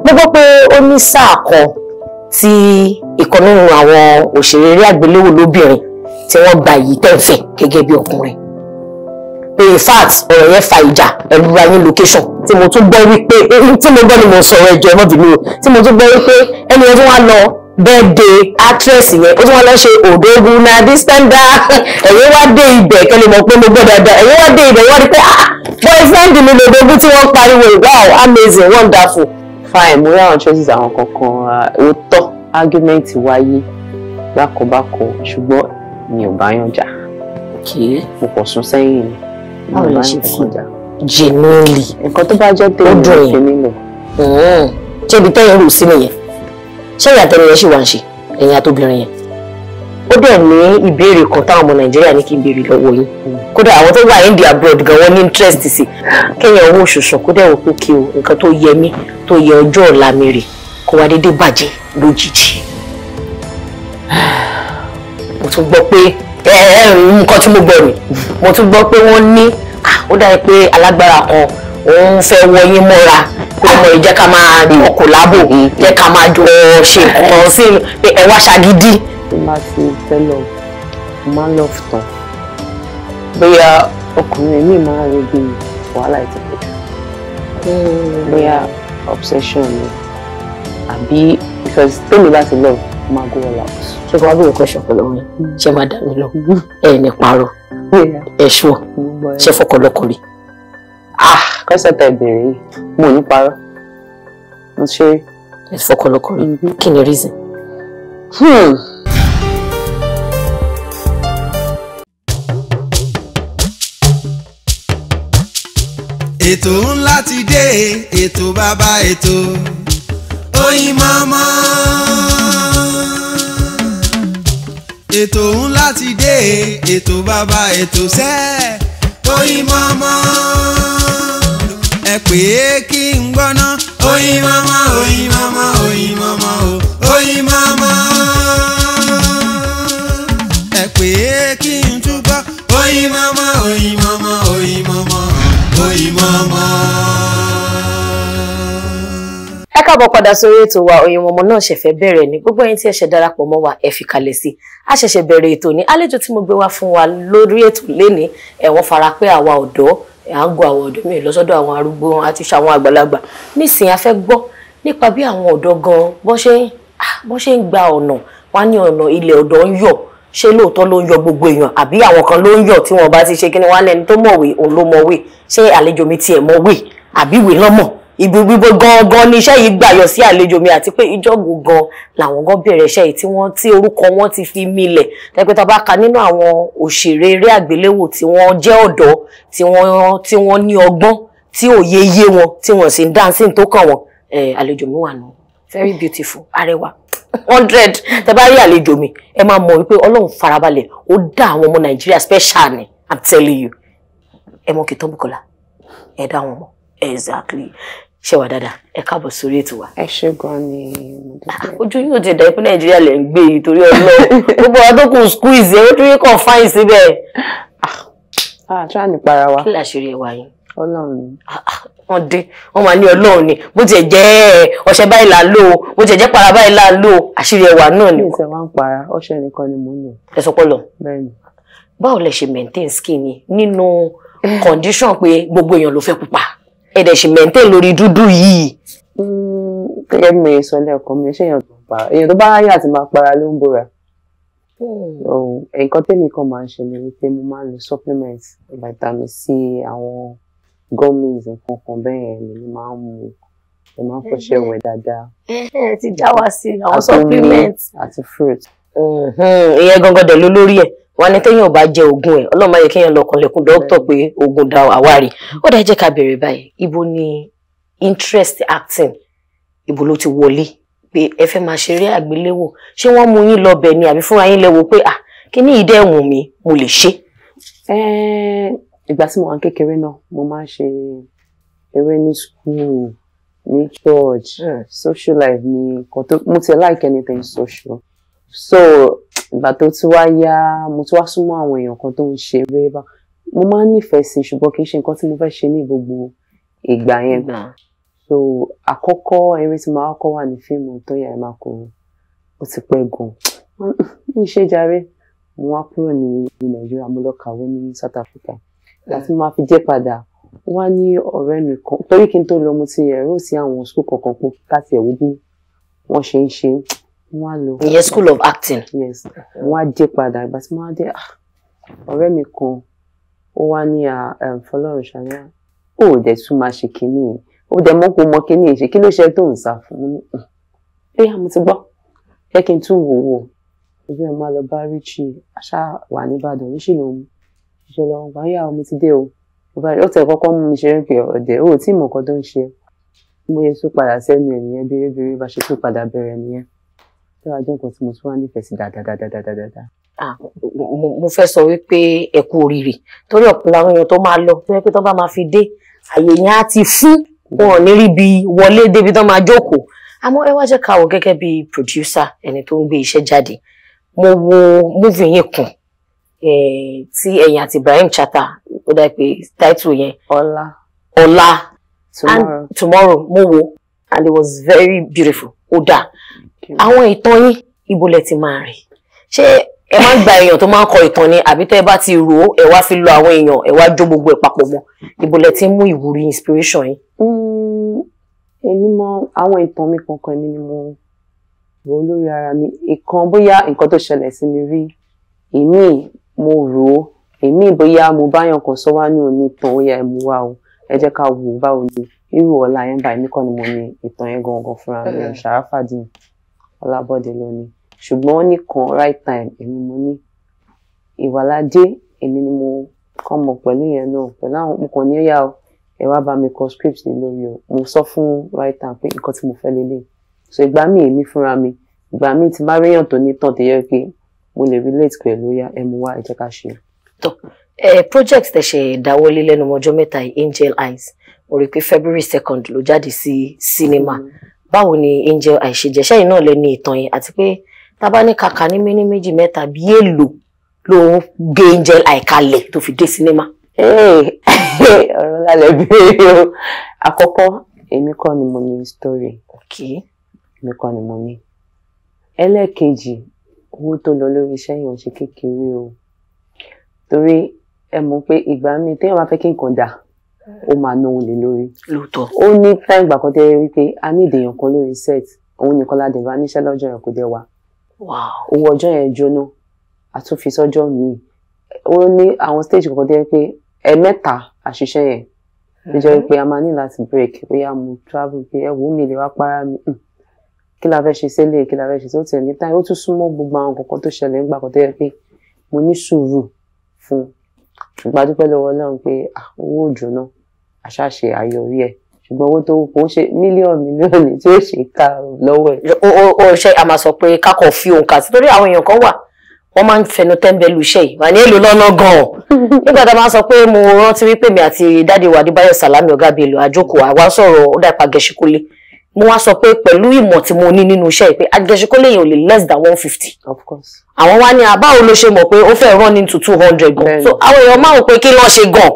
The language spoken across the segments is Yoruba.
mo gbọ́ pé ó ní sáà kan tí ìkan nínú àwọn òṣèré eré àgbéléwò lóbìnrin tí wọ́n gba èyí tẹ́ ń fẹ́ gẹ́gẹ́ bí ọkùnrin pé in fact ọ̀rọ̀ yẹn fa ìjà ẹ̀rù ra ní location tí mo tún gbọ́ wípé tí mo gbọ́ ni mo sọ̀rọ̀ ẹ̀jọ̀ ẹ̀ mọ́bìnú o tí mo tún gbọ́ wípé ẹni yẹn tún wá lọ birthday actress yẹn ó tún wá lọ ṣe òdòògùn na distanda ẹ̀yẹ́ wá dé ibẹ̀ kẹ́lẹ́ mọ̀ pé mo gbọ́ dáadáa ẹ̀yẹ́ wá dé ibẹ̀ wọ́n rí pé ah boyfriend mi lòdòògùn tí wọ́n pariwo wow amazing wonderful fine mo rí àwọn choices àwọn kankan uh, òótọ́ argument wáyé bákanbákan ṣùgbọ́n mi ò bá yàn jà mo kàn sún sẹ́yìn mi ò bá yàn jà genuinely nǹkan tó bá jẹ́ tèmi ló fi mí mm-hmm. lọ. ṣé ibi tẹ́yìn rò sí nìyẹn ṣé ìyàtọ̀ ni ẹ ṣì wá ń ṣe ẹ̀yìn àtòbìnrin yẹn ó dẹ̀ ní ìbéèrè kan táwọn ọmọ nàìjíríà ní kí n béèrè lọ́wọ́ yín kódà àwọn tó wà india abroad gan wọn ní interest sí kéèyàn owó ṣoṣo kó dẹ̀ pé kí o nǹkan tó yẹ mí tó yẹ ọjọ́ ọ̀la mi rè kó wá déédéé bàjẹ́ lójijì mo tún gbọ́ pé nǹkan tí mo gbọ́ ni mo tún gbọ́ pé wọ́n ní ah, ó dàbí pé alágbára kan òun fẹ́ wọ yín mọ́ra pé ọmọ ìjẹ́ ká máa ọkọ̀ láàbò jẹ́ ká máa jọ ṣe nǹkan sí ẹ ṣagídí tí má ti fẹ́ lọ má lọ tán bóyá ọkùnrin mi máa wo bí wàhálà ẹ̀ ti pọ̀ jù hmm. bóyá obsession ni àbí because tèmi bá ti lọ máa go all out. ṣé kí wàá bí nǹkan ṣọ̀pọ̀ lọ́wọ́ yẹn ṣé máa dà mí lọ ẹ̀ ní parọ́ ẹ̀ ṣọ́ ṣé fọkànlọ́kọ̀ rí. ah kọ́sẹ̀tà ìbéèrè yìí mo ní parọ́ mo ṣe. ẹ fọkànlọ́kọ̀ rí mm-hmm. kí ni reason. Hmm. ètò ńlá ti dé ètò bàbá ètò Oyinmomo. ètò ńlá ti dé ètò bàbá ètò sẹ́ Oyinmomo. ẹ pè é kí n gbọ́ná Oyinmomo Oyinmomo Oyinmomo o Oyinmomo. ẹ pè é kí. ìmọ̀ọ́mọ́. ẹ káàbọ̀ padà sórí ètò wa Oyinmomo náà ṣẹ̀fẹ̀ bẹ̀rẹ̀ ni gbogbo ẹ̀yin tí ẹ ṣẹ̀ darapọ̀ mọ́ wa ẹ fi kalẹ̀ sí i a ṣẹ̀ṣẹ̀ bẹ̀rẹ̀ ètò ní àlejò tí mo gbé wá fún wa lórí ètò lénìí ẹ̀wọ̀n fara pé àwa ọ̀dọ́ à ń go àwọn ọ̀dọ́ mi lọ́sọ́dọ̀ àwọn arúgbó àti ṣàwọn àgbàlagbà nísìnyí a fẹ́ gbọ́ nípa bí àwọn ọ̀dọ́ gan ah, bọ́n ṣe ń gba ọ̀nà wá ní ọ̀nà ilẹ̀ ọ̀dọ́ ń yọ̀ ṣé lóòótọ́ ló ń yọ gbogbo èèyàn àbí àwọn kan ló ń yọ tí wọ́n bá ti ṣe kí ni wọ́n á lẹ́ni tó mọ̀wé òun ló mọ̀wé ṣé àlejò mi tiẹ̀ mọ̀wé àbí ìwé lọ́mọ̀ ibi gbígbó gangan ni iṣẹ́ yìí gbàyọ̀ sí àlejò mi àti pé ìjọ́gùn gan làwọn gan bẹ̀rẹ̀ iṣẹ́ yìí tí wọ́n tí orúkọ wọn ti fi milẹ̀ tẹ́pẹ́ tá a bá ka nínú àwọn òṣèré eré àgbéléwò tí wọ́n jẹ́ ọ̀dọ́ tí wọ́n tí wọ́n ní ọgbọ́n tí òye yé wọn tí wọ́n sì ń dáńsìn tó kàn wọ́n àlejò mi wà nù very beautiful arẹwà hundred tẹ bá rí àlejò mi ẹ máa mọ̀ wípé ọlọ́run farabalẹ̀ ó dá àwọn ọmọ nàìjíríà special ni i'm telling you ẹ mọ kìtọ́ bukola ẹ dá wọn mọ exactly ṣe wà dáadáa ẹ káàbọ̀ sórí ètò wa. ẹ ṣe gan ni. Ah, ojú yóò ti dà ìpínlẹ̀ nàìjíríà lẹ̀ ń gbé torí ọlọ́run gbogbo àwọn tó kù squeeze ẹ ó tún yẹ kàn fáyìn síbẹ̀. àá tí wàá nípa ara wa. kí làṣírí ẹ wá yín. ọlọ́run wọ́n dé wọ́n máa ní ọlọ́run ni bó tiẹ̀ jẹ́ ọṣẹ báyìí là ń lò ó bó tiẹ̀ jẹ́ para báyìí là ń lò ó àṣírí ẹwà náà ni. ṣé wàá ń para ọṣẹ nìkan ni mò ń lò. ẹ sọ pọlọ báwo lẹ ṣe maintain skin ni nínú condition pé gbogbo èèyàn ló fẹ́ pupa ẹ dẹ̀ ṣe maintain lórí dúdú yìí. Hmm, gẹ́gẹ́ bí mi sọ lẹ́ẹ̀kan mi ṣé èèyàn tó pa èèyàn tó bá ráyè àti máa para ló ń bóra hmm. nǹkan tẹ́mi kan máa ń ṣe ni wípé mo máa ń lo supplements vitamin C àwọn gummies nǹkan kan bẹ́ẹ̀ yẹn ni mo máa ń mu mo máa ń fọṣẹ wẹ̀ dáadáa. ẹ ti já wa sí àwọn supplement. àti fruit. ìyẹn gangan dẹ̀ ló lórí ẹ̀ wọn ni téèyàn ò bá jẹ oògùn ẹ̀ ọlọ́run má yẹ kéèyàn lọ kànlẹ̀kùn dókítà pé oògùn da àwárí. ó dẹ̀ jẹ́ ká bẹ̀rẹ̀ báyìí ibo ni interest acting ibo ló ti wọlé pé ẹ fẹ́ máa ṣeré àgbéléwò ṣé wọ́n mú yín lọ bẹ̀ ni àbí fúnra yín lẹ pé ah kí ni ìdẹ́wùn mi mo lè ṣe ìgbà tí mo wà kékeré náà mo máa ń ṣe eré ní school ní church social life mi nǹkan tó mo ti like anything social so ìgbà tó ti wá yá mo ti wá súnmọ́ àwọn èèyàn kan tó ń ṣe eré bá mo máa ń nífẹ̀ẹ́ sí ṣùgbọ́n kì í ṣe nǹkan tí mo fẹ́ ṣe ní gbogbo ìgbà yẹn so àkọ́kọ́ eré tí màá kọ́ wà ní fíìmù tó yà ẹ̀ máa kó o ti pẹ́ gan-an ń mo wá kúrò ní Nàìjíríà mo lọ kàwé ní South Africa láti máa fi jẹ́ padà wá ní ọ̀rẹ́ mi kan torí kí n tó lọ mo ti ẹ̀rọ sí àwọn skul kankan kún láti ẹ̀wọ́ bí wọ́n ṣe ń ṣe wọ́n á lọ. ìyẹn school of acting. yes wọ́n á jẹ́ padà ìgbà tí wọ́n á dé ah, ọ̀rẹ́ mi kan ó wá ní àfọlọ́run ah, ṣàlẹ́ ó dẹ̀ tún máa ṣe kínní ó dẹ̀ mọ́ kó mọ kínní ṣe kí ló ṣe tó ń sá fún un ẹ hmm. yà mo ti gbọ́ jẹ́ kí n tún wò wò ẹgbẹ́ ẹ̀ máa lọ bá ríchie aṣáà wà níbàdàn níṣìlóhun ṣe lọ gbà yà mo ti dé o ó tẹ kọ́kọ́ mú mi ṣeré pé ọ̀dẹ̀ ó tí mọ̀ kan tó ń ṣe mo yẹ tún padà sẹ́nu ẹ̀ nìyẹn bèrèbèrè bá ṣe tún padà bẹ̀rẹ̀ nìyẹn tó wàá jẹ́ nǹkan tí mo tún wá nífẹ̀ẹ́ sí dáadáadáadáa. mo fẹ́ sọ wípé ẹ kú oríire torí ọ̀pọ̀lọpọ̀ àwọn èèyàn tó máa lọ tó yẹ pé tó máa fi dé àyè yẹn á ti fún wọn ò ní bi wọlé débi tó máa jókòó àmọ́ ẹ wá jẹ́ ká wò gẹ́gẹ́ bí producer ẹni tó ń gbé iṣẹ́ jáde mo wo múvì yẹn kùn tí ẹ̀yìn àti Ibrahim Chata ó dá pé title yẹn ọlá ọlá tomorrow tomorrow mo wo and it was very beautiful ó dà àwọn ìtàn yín ibo lẹ ti máa rìn ṣé ẹ máa ń gba èèyàn tó máa ń kọ ìtàn ni àbí tẹ́ bá ti rò ó ẹ wá fi lo àwọn èèyàn ẹ wá jó gbogbo ẹ̀ papọ̀ mọ́ ibo lẹ ti mú ìwúrí inspiration yín. Hmm, èmi mọ àwọn ìtàn mi kankan mi ni mo rò lórí ara mi ìkan bóyá nǹkan tó ṣẹlẹ̀ sí mi rí ìmíì mo rò ó èmi bóyá mo báyàn kan sọ wá ní òní ìtàn ó yá ẹ mú wá o ẹ jẹ́ ká wò ó báwo ni irú ọ̀la yẹn báyìí mí kàn ni mo ní ìtàn yẹn gangan fúnra mi ò ṣàráfàdìn ọlábọ̀dé lónìí ṣùgbọ́n nìkan right time èmi mo ní ìwàládé èmi ni mo kàn mọ̀ pẹ̀lú yẹn náà pẹ̀lú àwọn mo kàn ní ó yá o ẹ wá bá mi kọ script lé lórí o mo sọ fún right time pé nǹkan tí mo fẹ́ lélẹ̀ so ìgbà míì èmi fúnra mi ìgbà míì ti bá ríyàn tó ní tàn tó yẹ pé mo lè relate pẹ̀lú oh ya ẹ mú wá ẹ jẹ́ ká ṣe. tó ẹ project tẹ ṣe ìdáwọ́lé lẹ́nu ọjọ́ yìí Angel Eyes mo rí i pé February second ló jáde sí cinema mm-hmm. báwo ni Angel Eyes ṣe jẹ́ sẹ́yìn náà lẹ ní ìtàn yẹn àti pé tá a bá ní kàkà ní méní méjì mẹ́ta bí èlò ló gbé Angel Eyes kalẹ̀ tó fi dé cinema. ọ̀rọ̀ lálẹ́ bíi o àkọ́kọ́ èmi kọ́ ni mo ní story èmi kọ́ ni mo ní ẹlẹ́ẹ̀kejì owó tó lọ lórí iṣẹ́ yẹn ṣe kékeré o torí ẹ mọ̀ pé ìgbà míì téèyàn bá fẹ́ kí nǹkan dà ó máa ná òun lè lórí. lóòótọ́ ó ní táyìn gbà kan tẹ́ rí pé a ní ìdèyàn kan lórí set òun nìkan la dẹ̀bá níṣẹ́ lọ́jọ́ yẹn kò dé wa. owó ọjọ́ yẹn jóná àtúnfi sọ́jọ́ míì ó ní àwọn stage kankan tẹ́ rí pé ẹ̀ẹ̀mẹ́ta àṣìṣe yẹn ló jẹ́ pé mm-hmm. a máa ní láti break bóyá mo travel pé ẹ wò ó mi lè wá para mi. Mm kí la fẹ́ ṣe sẹ́lẹ̀ kí la fẹ́ ṣe sẹ́lẹ̀ ó tẹ̀lé táyà ó tún súnmọ́ gbogbo àwọn kankan tó ṣẹlẹ̀ nígbà kan tó yẹ pé mo ní sùúrù fún ṣùgbọ́n adúpẹ́ lọ́wọ́ Ọlọ́run pé ah, owó òjò náà àṣàṣe àyọrí ẹ̀ ṣùgbọ́n owó tó kò ń ṣe mílíọ̀nù mílíọ̀nù tí ó ṣe ká lọ́wọ́ ẹ̀. o ṣe a máa sọ pé kákọ̀ fi òun kà sí torí àwọn èèyàn kan wà wọ́n máa ń fẹnu tẹ́ńbẹ́lú iṣẹ́ yìí wà ní èlò lọ́nà gan-an nígbà tá a máa sọ pé mo rántí wípé mi àti dáde wa Adébáyọ̀ Sàlámì ọ̀gá bèlò àjókòó àwa sọ̀rọ̀ ó dàpá gẹ̀ṣíkúlé mo wá sọ pé pẹ̀lú ìmọ̀ tí mo ní nínú iṣẹ́ ìpè agẹ́sẹ̀kọ́ lèyìn ò lè less than one fifty. of course. àwọn wá ní àbá ah, òun ló ṣe mọ̀ pé ó fẹ́ run into two hundred gan. so àwọn èèyàn máa ń pe kí lọ́ọ́ ṣe gan.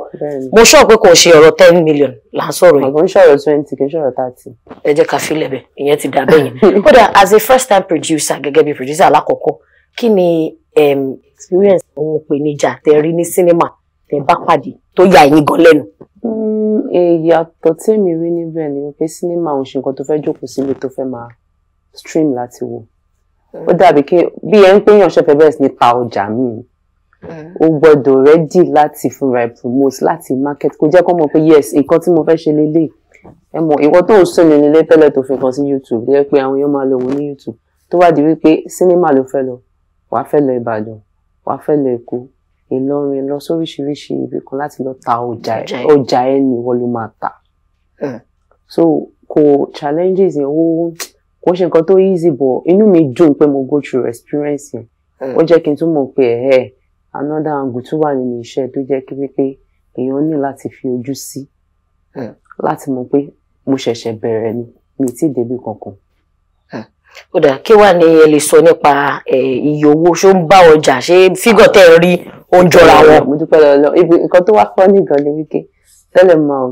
mo sọ pé kò ṣe ọ̀rọ̀ ten million là ń sọ̀rọ̀ yìí. àgbọn ṣọ̀rọ̀ twenty kì í ṣọ̀rọ̀ thirty. ẹ jẹ́ ká filẹ̀ bẹ̀ ìyẹn ti dà bẹ́yẹn. kódà as a first time producer gẹ́gẹ́ bí producer alákọ̀ọ́kọ́ kí ni experience òun pè níjà tẹ̀ rí ní cinema tẹ̀ bá pàdé tó yà yín gan lẹ́nu ìyàtọ̀ tí èmi rí níbẹ̀ ni pé sinimá òun ṣe nǹkan tó fẹ́ jókòó síbi tó fẹ́ máa stream láti wò ó mm. dàbí kí bí ẹ ń pè yàn ṣẹfẹ bẹ́ẹ̀ sì ni pa ọjà mi o mm. gbọ́dọ̀ rẹ́dì láti fúnra ẹ̀ promote láti market kò jẹ́ kó mọ̀ pé yes nǹkan tí mo fẹ́ ṣe lélẹ̀ ẹ mọ̀ ìwọ tó ń sọnù nílé tẹ́lẹ̀ tó fi kàn sí YouTube yẹ pé àwọn èèyàn máa lọ wò ní YouTube tó wá di wípé sinimá ló fẹ́ lọ wàá fẹ́ lọ Ìbàdàn wàá fẹ́ lọ Èkó Ìlọrin lọ sóríṣiríṣi ibi kan láti lọ ta ọjà ọjà ẹ ni ìwọ ló máa ta so kò challenges yẹn ó kò ṣe nǹkan tó easy bọ̀ inú mi dùn pé mo go through experience yẹn ó jẹ́ kí n tún mọ̀ pé ẹ̀ another angle tó wà nínú iṣẹ́ tó jẹ́ kí pé èèyàn ní láti fi ojú sí láti mọ̀ pé mo ṣẹ̀ṣẹ̀ bẹ̀rẹ̀ ni mi ti débi kankan. ó dà kí wàá ní ẹ lè sọ nípa iye owó ṣó ń bá ọjà ṣé fígọ̀ tẹ́ rí ó ń wọn. mo dúpẹ́ lọ́wọ́ ibi nǹkan tó wá kọ́ ní gan ni wíkẹ́ tẹ́lẹ̀ máa ò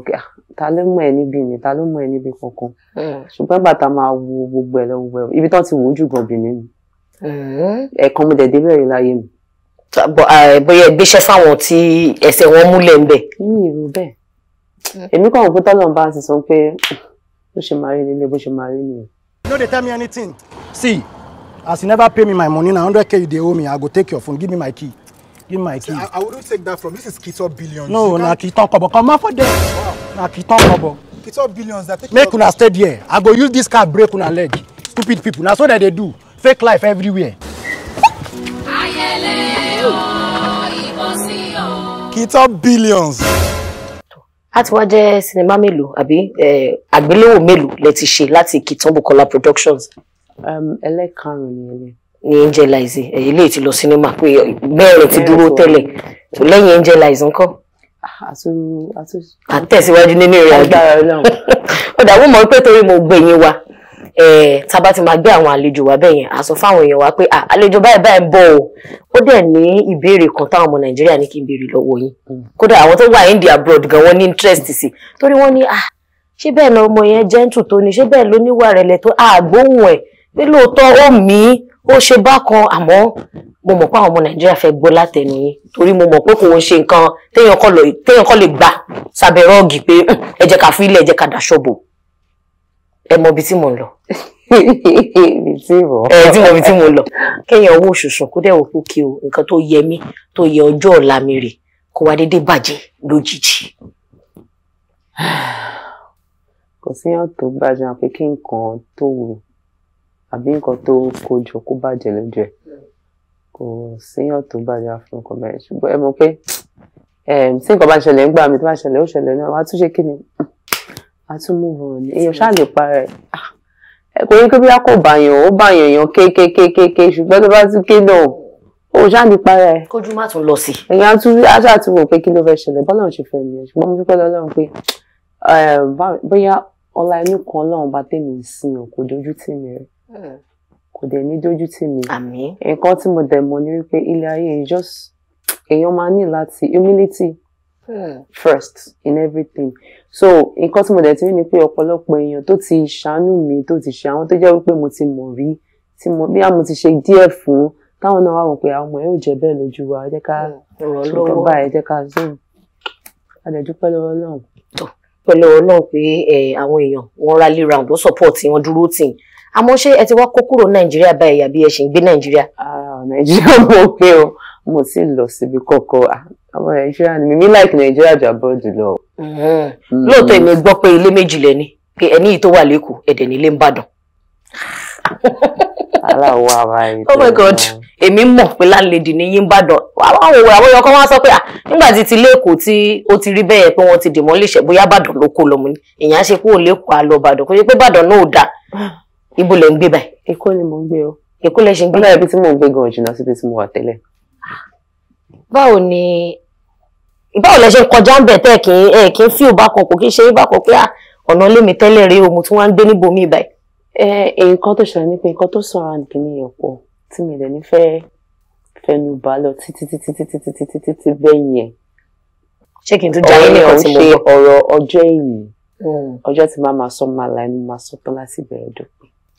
ta ló mọ̀ ẹ́ níbi ni ta ló mọ̀ ẹ́ níbi kankan hmm. ṣùgbọ́n bàtà máa wo gbogbo ẹ̀ lọ ibi tán ti wò ó jù gan mi hmm. ẹ̀ẹ̀kan mo dẹ̀ débẹ̀ láyé mi bóyá gbéṣẹ́ fáwọn tí ẹsẹ̀ wọn múlẹ̀ ń bẹ̀. ní ìlú bẹ́ẹ̀ hmm. èmi kàn pé tọ́lọ̀ bá ti sọ pé bó ṣe máa rí nílé bó ṣe máa rí nìyẹn. no dey tell me anything see as you never pay me my money na hundred k you dey owe me i go take your phone give me my key give my key. I, I wouldn't take that from this is Kitan billions. No, na Kitan kobo. Come out for there. Na Kitan kobo. Kitan billions. That take Make una stay there. I go use this car break una leg. Stupid people. Now, so that they do. Fake life everywhere. Kitan billions. At ti wá jẹ́ sinimá mélòó àbí àgbéléwò mélòó lẹ ti ṣe láti Kitan Bukola Productions. Um, ún ni ẹlẹ́karùn ni Angel Ice èyí lè ti lọ sinimá pé bẹ́ẹ̀rẹ̀ ti dúró tẹ́lẹ̀ tó lẹ́yìn Angel Ice ńkọ́. Ah, àtẹ̀síwájú nínú ìrìn àjò ó dàbọ̀ mọ́ pé torí mo gbẹ̀yìn wa tá a bá ti máa gbé àwọn àlejò wa bẹ́ẹ̀ yẹn a sọ fáwọn èèyàn wa pé àlejò báyìí báyìí ń bọ̀ o ó dẹ̀ ní ìbéèrè kan táwọn ọmọ Nàìjíríà ní kí n béèrè lọ́wọ́ yín mm. kódà àwọn tó wà India abroad gan wọ́n ní interest sí torí wọ́n ní ṣé bẹ́ẹ̀ ni ọmọ yẹn gentle tó ni ṣé bẹ́ẹ̀ ló níwà rẹ̀lẹ̀ tó àgbóhùn ẹ̀ pé lóòótọ́ ó mí ó ṣe bákan àmọ́ mo mọ̀ pé àwọn ọmọ nàìjíríà fẹ́ gbọ́ látẹnu yín torí mo mọ̀ pé kò ń ṣe nǹkan téèyàn kọ́ lè gbà sábẹ́ rọ́ọ̀gì pé ẹ jẹ́ ká fi ilẹ̀ ẹ jẹ́ ká daṣọ bò ẹ mọ ibi tí mo ń lọ. ibi tí mo ẹ tí mo ibi tí mo lọ. kéèyàn owó ṣùṣùn kó dẹ̀ wò kó kí o nǹkan tó yẹ mí tó yẹ ọjọ́ ọ̀la mi rè kó wá déédéé bàjẹ́ lójijì. kò síyàn tó bàjẹ́ àfi kí nǹkan tó wù àbí nǹkan tó kó jọ kó bàjẹ́ lójú ẹ̀ kò síyàn tó bàjẹ́ fún nǹkan bẹ́ẹ̀ ṣùgbọ́n ẹ mọ̀ pé ehm, tí nǹkan bá ṣẹlẹ̀ ń gbà mí tó bá ṣẹlẹ̀ ó ṣẹlẹ̀ náà wàá tún ṣe kí ni wàá tún mú wọn ní èèyàn ṣáà lè para ah, ẹ kò yẹ kí bí a kò bàyàn ó bàyàn èèyàn kékékékéké ṣùgbọ́n tó bá tún ké náà ó ṣáà lè para kójú má tún lọ sí. èèyàn á tún aṣáà tún wò pé kí ló fẹ́ ṣẹlẹ̀ bọ́lá ò fẹ́ mi ṣùgbọ́n mo dúpẹ́ lọ́lọ́run pé ehm, bóyá ọlá inú kan ọlọ́run bá tèmi sí ọkọ̀ dojú tì mí rẹ̀ Hmm. kò dẹ̀ ní dójú tì mí nǹkan tí mo dẹ̀ mọ̀ ni wípé ilé ayé just èèyàn máa ní láti humility hmm. first in everything so nǹkan tí mo dẹ̀ ti rí ni pé ọ̀pọ̀lọpọ̀ èèyàn tó ti ṣàánú mi tó ti ṣe àwọn tó jẹ́ wípé mo ti mọ̀ rí tí mo bí àwọn ti ṣe díẹ̀ fún táwọn náà wà wọ́n pé àwọn ọmọ yóò jẹ́ bẹ́ẹ̀ lójú wa ẹ jẹ́ ká hmm. lọ́wọ́ báyìí ẹ jẹ́ ká zoom a dẹ̀ dúpẹ́ lọ́wọ́ náà. pẹ̀lú ọlọ́run pé àwọn èèyàn wọ́n rálé round wọ́n support wọ́n dúró tì àmọ́ ṣé ẹ ti wá kó kúrò nàìjíríà báyìí àbí ẹ ṣì ń gbé nàìjíríà. Ah, nàìjíríà mo pé o mo ti lọ síbi kọkọ ah, àwọn nàìjíríà ni mímí láìkí nàìjíríà jù abọ́ọ̀dù lọ. Hmm. Hmm. lóòótọ́ èmi gbọ́ pé ilé méjì lẹ ní pé ẹni yìí tó wà lẹ́kọ̀ọ́ ẹ̀dẹ̀ nílé ń bàdàn. aláwọ̀ àwa ètò oh my god èmi mọ̀ pé láńlẹ́dì ní yín bàdàn àwọn òwò àwọn èèyàn kan wá sọ pé ah, nígbà tí ti lẹ́kọ̀ọ́ tí ó ti rí bẹ́ẹ̀ pé wọ́n ti dìmọ́ lè ṣẹ̀ bóyá bàdàn ló kó lọ́mú ni èèyàn á ṣe kúrò lẹ́kọ̀ọ́ àlọ́ bàdàn kó ṣe pé bàdàn náà ò dáa ibo lẹ ń gbé báyìí. èkó ni mò ń gbé o. èkó lẹ ṣe ń gbé. ọlọ́run ibi tí mò ń gbé gan-an jìnnà síbi tí mo wà tẹ́lẹ̀. báwo ni báwo lẹ ṣe ń kọjá ń bẹ̀ tẹ́ kì í kì í fíò bá kan kò kì í ṣe é bá kan pé ah, ọ̀nà lèmi tẹ́lẹ̀ rí o mo tún wá ń gbé níbo mi báyìí. ẹ ẹ nǹkan tó ṣẹlẹ̀ ni pé nǹkan tó sọ àwọn àǹkìní yẹn pọ̀ tí mi lè ní fẹ́ fẹnu bá lọ títí títí títí títí títí títí bẹ́ẹ̀ yẹn. ṣé kí n tún hmm. la ẹnu máa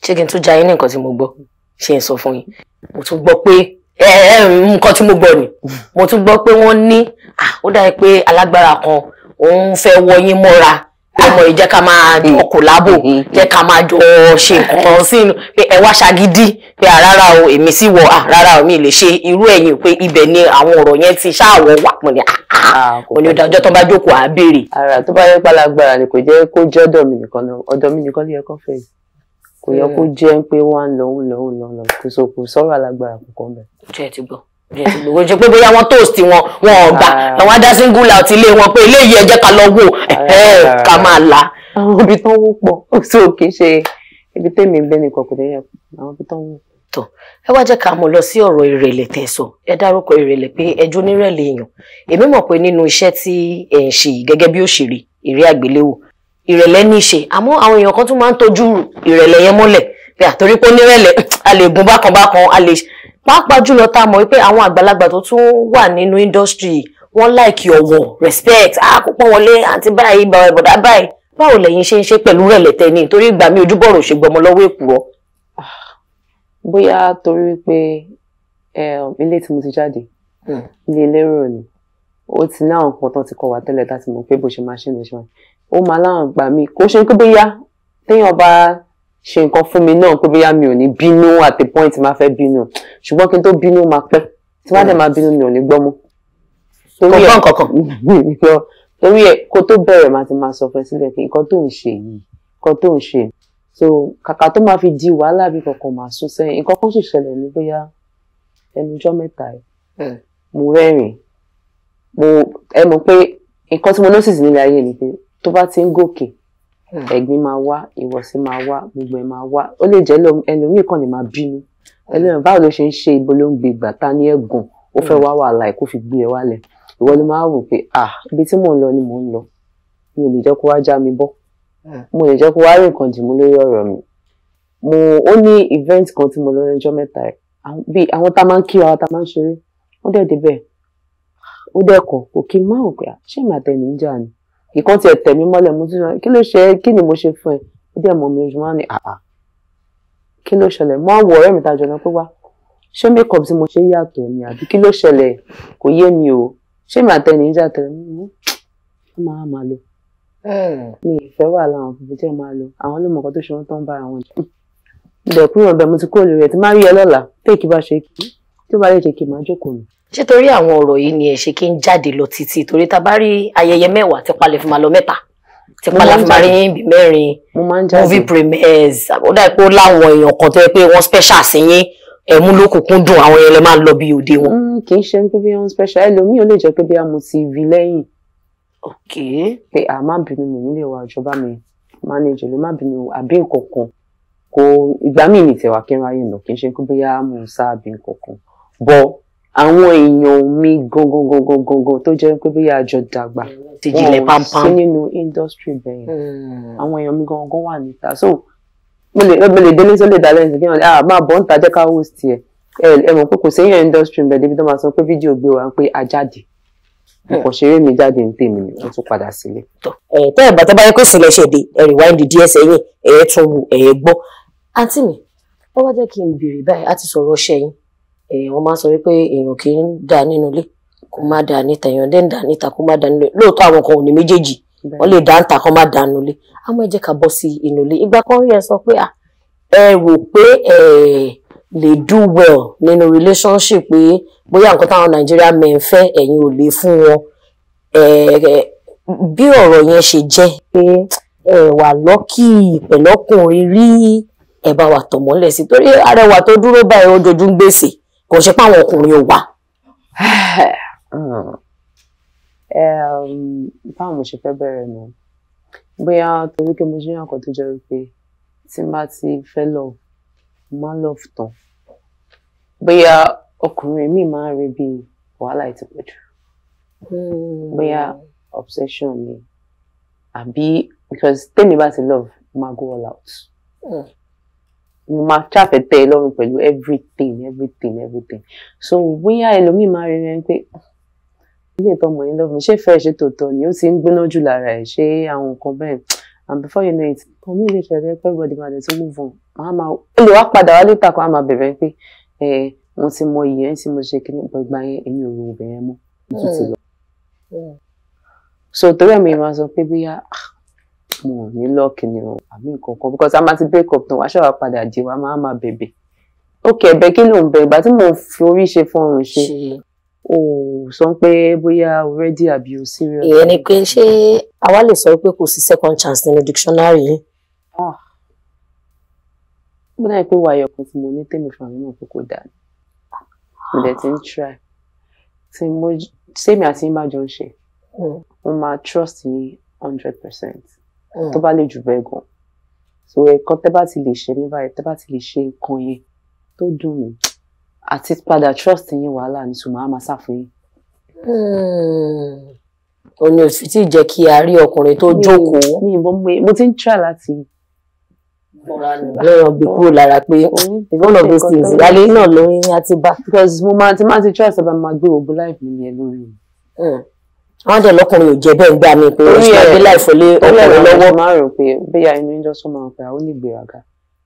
ṣé kí n tún jayé ní nǹkan tí mo gbọ́ ṣé n sọ fún yín mo tún gbọ́ pé nǹkan tí mo gbọ́ ni mo tún gbọ́ pé wọ́n ní ó dàbí pé alágbára kan òun fẹ́ wọ́ yín mọ́ra ọmọ yìí jẹ́ ká máa jọ mm. kò lábò mm, mm, jẹ́ ká máa jọ ṣe nǹkan sínú pé ẹ wá ṣagídí pé rárá o èmi sì wọ rárá o mi lè ṣe irú ẹ̀yìn pé ibẹ̀ ni àwọn ọ̀rọ̀ yẹn ti ṣáàwọ̀ wà pọ̀ ní òní ọjọ́ tó bá jókòó àá ara tó bá yẹ pálágbára ni kò jẹ́ kó jẹ́ ọ̀dọ̀ mi nìkan ọ̀dọ̀ mi nìkan ló yẹ kó fẹ́ yìí kò yẹ kó hmm. jẹ́ pé wọ́n á lọ ń lọ ń lọ ń lọ kò so kò sọ̀rọ̀ alágbára kò kọ́ mẹ́. jẹ́ ti gbọ́ jẹ́ ti gbọ́ kò jẹ́ pé bóyá wọ́n toast wọn wọn ò gbà ah. àwọn adá single out ilé wọn pé ilé yìí ẹ jẹ́ ká lọ wò ká máa la. àwọn ibi tán wó pọ̀ so kì í ṣe ibi tèmi bẹ́ẹ̀ ni kọ̀ọ̀kan lẹ́yìn àwọn ibi tán wó. tó ẹ wá jẹ́ ká mọ̀ lọ sí ọ̀rọ̀ ìrẹ̀lẹ̀ tẹ́ ẹ dárúkọ ìrẹ̀lẹ̀ pé ẹjọ́ nírẹ̀lẹ̀ èèyàn èmi mọ̀ pé nínú iṣẹ́ tí ẹ̀ ń ṣe gẹ́gẹ́ bí òṣèré eré àgbéléwò ìrẹ̀lẹ̀ ní í ṣe àmọ́ àwọn èèyàn kan tún máa ń tọ́jú ìrẹ̀lẹ̀ yẹn mọ́lẹ̀ pé àtòrí pé onírẹ̀lẹ̀ a lè gun bákan bákan a lè pàápàá jùlọ tá a mọ̀ wípé àwọn àgbàlagbà tó tún wà nínú indọ́strì wọ́n láìkì ọ̀wọ̀ respect a kò pọ́n wọlé àti báyìí bàbá ìbọ̀dá báyìí báwo lẹ̀yin ṣe ń ṣe pẹ̀lú rẹ̀lẹ̀ tẹ́ni torí ìgbà mi ojúbọ̀rọ̀ ṣe gbọmọ lọ́wọ́ èkùrọ́. bóyá torí wípé eh, ilé tí mo ti hmm. ni ó ti ní àwọn nǹkan tó ti kọ́ wa tẹ́lẹ̀ láti mọ̀ pé bó ṣe máa ṣe ń wọn ó máa láwọn gbà mí kó ṣe pé bóyá téèyàn bá ṣe nǹkan fún mi náà pé bóyá mi ò ní bínú at the point máa fẹ́ bínú ṣùgbọ́n kí n tó bínú máa pẹ́ tí wọ́n á dẹ̀ máa bínú mi ò ní gbọ́ mọ́. torí ẹ torí ẹ kó tó bẹ̀rẹ̀ máa ti máa sọ fún ẹ sílẹ̀ pé nǹkan tó ń ṣe yìí nǹkan tó ń ṣe so kàkà tó máa fi di wàhálà bí kankan máa sún sẹ́yìn nǹkan kan sì ṣẹlẹ̀ ní bóyá ẹnujọ́ mẹ́ta ẹ̀ hmm. mo rẹ́rìn-ín mo ẹ mọ̀ pé nǹkan tí mo notice nílé ayé ni pé tó bá ti ń gòkè hmm. ẹ̀gbin máa wá ìwọ̀sí máa wá gbogbo ẹ̀ máa wá ó lè jẹ́ ẹlòmíì kan lè máa bínú ẹlòmíì báwo ló ṣe ń ṣe ibo ló ń gbé ìgbà ta ní ẹ̀gùn ó fẹ́ hmm. wá wàhálà ẹ̀ kó fi gbé ẹ wálẹ̀ ìwọ ló máa wò pé ah ibi tí mò ń lọ ni mò ń lọ mi ò lè jẹ́ kó wá já mi bọ́ hmm. mo lè jẹ́ kó wá rí nǹkan dìmú lórí ọ̀rọ̀ mi mo ó ní event kan tí mo lọ lọ́jọ́ mẹ́ta ẹ̀ bí àwọn tá a máa ń kí àwọn tá a máa ń ṣeré wọ́n dẹ̀ débẹ̀ ó dẹ̀ kọ̀ kò kí n máa wò pé ṣé màtẹ̀ níjà ni ìkan tiẹ̀ tẹ̀ mí mọ́lẹ̀ mo ti sọ kí ló ṣe kí ni mo ṣe fún ẹ ó dẹ̀ mọ̀ mi ojúmọ́ ni àà kí ló ṣẹlẹ̀ mọ́ àwọ̀ ọ̀rẹ́ mi ta jọ̀nà pé wá ṣé makeup tí mo ṣe yàtọ̀ ni àbí kí ló ṣẹlẹ̀ kò yé mi o ṣé mi àtẹ nìyí jà tẹ̀lé mi ó máa máa lọ mi ìfẹ́ wà láwọn òfin jẹ́ máa lọ àwọn ló mọ̀ tó ṣe wọ́n tán bára wọn jù ìdẹ̀kùn ìrọ̀bẹ̀ mo ti kúrò lórí ẹ̀ tí má rí ẹ lọ́la téèkì bá ṣe kí tí ó bá lè jẹ́ kí n máa jókòó mi. ṣé torí àwọn ọ̀rọ̀ yìí ni ẹ ṣe kí n jáde lọ títí torí ta bá rí ayẹyẹ mẹ́wàá tí palẹ̀ fi máa lọ mẹ́ta tí palẹ̀ fi máa rí yín bí mẹ́rin movie premieres ó dà pé ó láwọn èèyàn kan tó yẹ pé wọ́n special sí yín ẹ̀mú lókùnkún dùn àwọn yẹn lè máa ń lọ bí òde wọn. Mm, kì í ṣe pé bí wọ́n special ẹlòmíì ó lè jẹ́ pé bí a mo ti rí lẹ́yìn. ok pé a má bínú mi nílé wa ìjọba mi manage ló má bínú àbí nǹkan kan kò ìgbà míì ní tẹ̀wá kí n ráyè lọ kì í ṣe pé bí a mo sáà bí nǹkan kan bọ̀ àwọn èèyàn mi gangan gangan gangan tó jẹ́ pé bóyá àjọ dàgbà wọn ò sí nínú industry bẹ́ẹ̀ hmm. àwọn èèyàn mi gangan wà níta so mo lè dé ní sọ́lẹ̀ ìdálẹ́ ìsìn kí wọ́n ah máa bọ̀ ń ta jẹ́ ká host yẹ ẹ mọ̀ pé kò séyàn industry bẹ́ẹ̀ débi tó máa sọ pé fídíò gbé wa pé a jáde ọkọ̀ ṣeré mi jáde ń tèmi ni wọ́n tún padà sílé. tẹ́ ẹ̀ bàtà báyẹn kò sì lẹ́sẹ̀ dé ẹ̀ rewind díẹ̀ sẹ́yìn ẹ̀yẹ tún wù ẹ̀yẹ gbọ́ àǹtí mi wọ́n wá jẹ́ kí n béèrè báyìí á ti sọ̀rọ̀ ọṣẹ yín wọ́n máa ń sọ wípé èèyàn kì í dà nínú ilé kó má dà níta èèyàn dẹ́n dà níta kó má dà nílé lóòótọ́ àwọn kan ò ní méjèèjì wọ́n lè dà níta kó má dà nínú ilé àmọ́ ẹ jẹ́ ká bọ́ sí inú ilé ìgbà kan rí ẹ sọ pé ẹ rò pé ẹ lè do well nínú relationship pé bóyá nǹkan táwọn Nàìjíríà men fẹ́ ẹ̀yin ò lè fún wọn bí ọ̀rọ̀ yẹn ṣe jẹ́ pé ẹ wà lọ́kì pẹ̀lọ́kùnrin rí ẹ bá wa tọ̀mọ́lẹ̀ sí torí arẹwà tó dúró báyìí ó dojú ń gbèsè kò ṣe páwọn ọkùnrin ò wá. Um, um, báwo mo ṣe fẹ́ bẹ̀rẹ̀ nù bóyá torí pé mo ṣe yàn kan tó jẹ́ wípé tí n bá ti fẹ́ lọ má love tán bóyá ọkùnrin mi máa ń rí bí wàhálà ti pọ̀ jù hmm. bóyá obsession mi àbí because tèmi bá ti love máa go all out. Hmm mo máa ṣàfẹ́ tẹ́ ẹ lọ́rùn pẹ̀lú everything everything everything so bóyá ẹlòmíì máa rí rẹ́ni pé ilé ìtọ́mọ yín lọ́fún ṣé fẹ́ ṣe tòótọ́ ni ó ti ń gbóná jù lára ẹ̀ ṣé àwọn nǹkan bẹ́ẹ̀ and before you know it kan mi lè ṣẹlẹ̀ everybody máa dẹ̀ tó move on máa máa olè wá padà wá létà kan á máa bẹ̀rẹ̀ pé ẹ wọ́n ti mọ iye ẹ̀ tí mo ṣe kí nípa ìgbà yẹn èmi ò rò bẹ̀rẹ̀ mọ́ mo lọ. Hmm. Hmm. so torí ẹ̀ mi sọ pé bóyá ah mo ò ní lọ́ọ̀kì ni o àbí nǹkan because a máa ti break up tán wàá ṣàwà padà jẹ wàá máa máa bẹ̀bẹ̀ ok ẹ̀bẹ̀ kí ló ń bẹ ìgbà tí mo fi orí ṣe fọrùn ṣe o sọ pé bóyá o ready àbí o serious. ìyẹn ni pé ṣé àwa lè sọ pé kò sí second chance nínú dictionary yìí. mo ah. dáhùn pé wàyọ̀ kan tí mo ní tèmi fún àmì náà pé kò dáa mo dẹ̀ ti ń try tí mo sẹ́mi àti yín bá ń ṣe hmm. mo máa trust yín hundred percent Mm. tó bá lè jù bẹ́ẹ̀ gan so ẹ̀kan tẹ́ bá ti lè ṣe ní báyìí tẹ́ bá ti lè ṣe nǹkan yẹn tó dùn mí àti padà trust yín wàhálà ní sùn máa ma sá fún yín. Hmm. o ní òfin tí jẹ́ kí a rí ọkùnrin tó jókòó. mi ò mo ti ń tra láti lọ́rọ̀ gbé kúrò lára pé mm-hmm. one of those things ìyáálé náà lóyún àti bá. because mo máa ti máa ti tra sábà máa gbé ògùn láìpẹ́ yẹn lórí mi. Hmm wọn dẹ̀ lọ́kùnrin ò jẹ́ bẹ́ẹ̀ ń gbà mí pé ó ṣe àgbé láìfọlé ọkùnrin lọ́wọ́. máa rò pé bóyá inú ẹjọ́ sọ máa pè àwọn onígbèrágà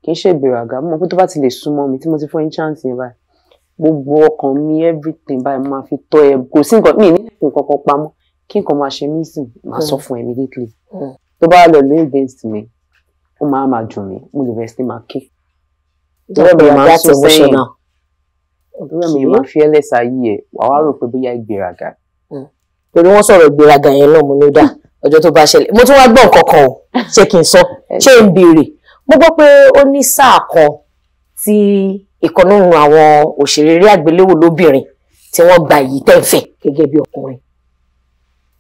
kì í ṣe ìgbèrágà mo pé tó bá ti lè súnmọ́ mi tí mo ti fọ́ in chance yẹn báyìí gbogbo ọkàn mi everything báyìí máa fi tọ́ ẹ kò sí nǹkan mi ní nǹkan kan pamọ́ kí nǹkan máa ṣe mí sìn máa sọ fún ẹ immediately tó bá lọ lóyún against mi ó máa máa dùn mí mo lè bẹ̀rẹ̀ sí máa kí. ìjọba mi torí wọ́n sọ̀rọ̀ ìgbéraga yẹn náà mo ní ó dá ọjọ́ tó bá ṣẹlẹ̀ mo tún wá gbọ́ nǹkan kan o ṣé kí n sọ ṣé n béèrè mo gbọ́ pé ó ní sáà kan tí ìkan nínú àwọn òṣèré eré àgbéléwò lóbìnrin tí wọ́n gba èyí tẹ́ ń fẹ́ gẹ́gẹ́ bí ọkùnrin